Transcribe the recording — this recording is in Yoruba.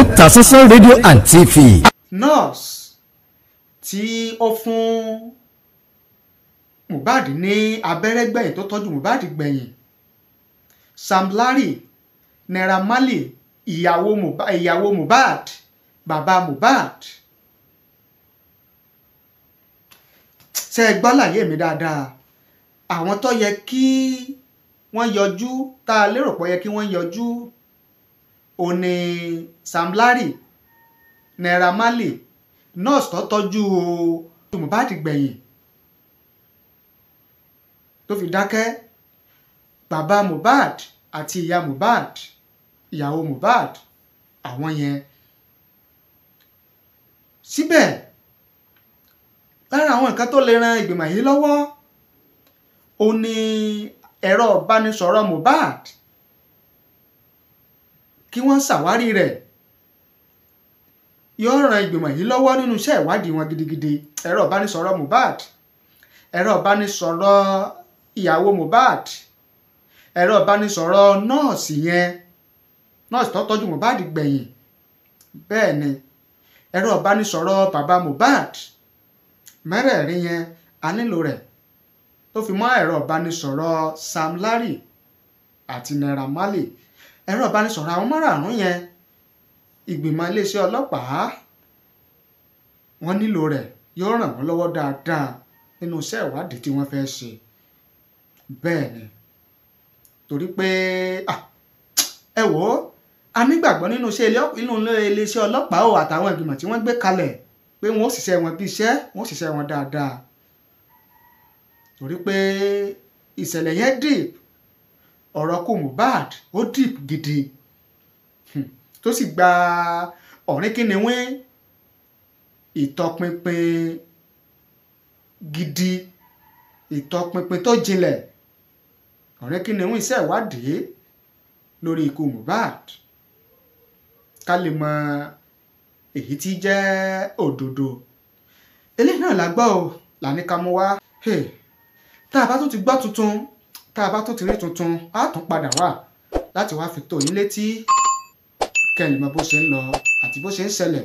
Otasansan rédíò and TV. nurse tí ó fún Mohbad ní abẹ́rẹ́ gbẹ̀yìn tó tọ́jú Mohbad gbẹ̀yìn Sam Larry Naira Marley ìyàwó Mohbad ìyàwó Mohbad bàbá Mohbad ṣe é gbọ́ mi dáadáa àwọn tó yẹ kí wọ́n yọjú tá a lérò pé yẹ kí wọ́n yọjú òun ni Sam Larry Naira Marley nurse tó tọ́jú Mohbad gbẹ̀yìn tó fi dákẹ́ bàbá Mohbad àti ìyá Mohbad ìyàwó Mohbad àwọn yẹn síbẹ̀ lára àwọn nǹkan tó lè ran ìgbìmọ̀ yìí lọ́wọ́ ó ẹ̀rọ ìbánisọ̀rọ̀ Mohbad kí wọ́n ṣàwárí rẹ̀ yóò ran ìgbìmọ̀ yìí lọ́wọ́ nínú iṣẹ́ ìwádìí wọn gidigidi ẹ̀rọ ìbánisọ̀rọ̀ Mohbad ẹ̀rọ ìbánisọ̀rọ̀ ìyàwó Mohbad ẹ̀rọ ìbánisọ̀rọ̀ nọ́ọ̀sì yẹn nọ́ọ̀sì tó tọ́jú Mohbad gbẹ̀yìn bẹ́ẹ̀ ni ẹ̀rọ ìbánisọ̀rọ̀ bàbá Mohbad mẹ́rẹ̀ẹ̀rin yẹn a nílò rẹ̀ tó fi mọ́ ẹ̀rọ ìbánisọ̀rọ̀ Sam Larry àti Naira Marley ẹ̀rọ ìbánisọ̀rọ̀ àwọn márààrún yẹn ìgbìmọ̀ iléeṣẹ́ ọlọ́pàá wọ́n nílò rẹ̀ yóò ràn wọ́n lọ́wọ́ dáadáa nínú iṣẹ́ ìwádìí tí wọ́n fẹ́ ṣe bẹ́ẹ̀ ni torí pé ẹ wò ó a nígbàgbọ́ nínú iléeṣẹ́ ọlọ́pàá o àtàwọn ìgbìmọ̀ tí wọ́n gbé kalẹ̀ pé wọ́n ó ṣiṣẹ́ wọn bí iṣẹ́ wọ́n ó ṣiṣẹ́ wọn dáadáa torí pé ìṣẹ̀lẹ̀ yẹn deep ọ̀rọ̀ kò Mohbad ó deep gidi hmm. tó sì gba ọ̀rìn kìnìún ìtọpinpin gidi ìtọpinpin tó jinlẹ̀ ọ̀rìn kìnìún iṣẹ́ ìwádìí lórí ikú bad. ká lè mọ èyí tí jẹ́ òdodo eléyìí náà la gbọ́ ò láníkàmú wá tá a bá tún ti gbọ́ tuntun tá a bá tún ti rí tuntun á tún padà wá láti wá fi tó yín létí kẹ́ ẹ lè mọ bó ṣe ń lọ àti bó ṣe ń ṣẹlẹ̀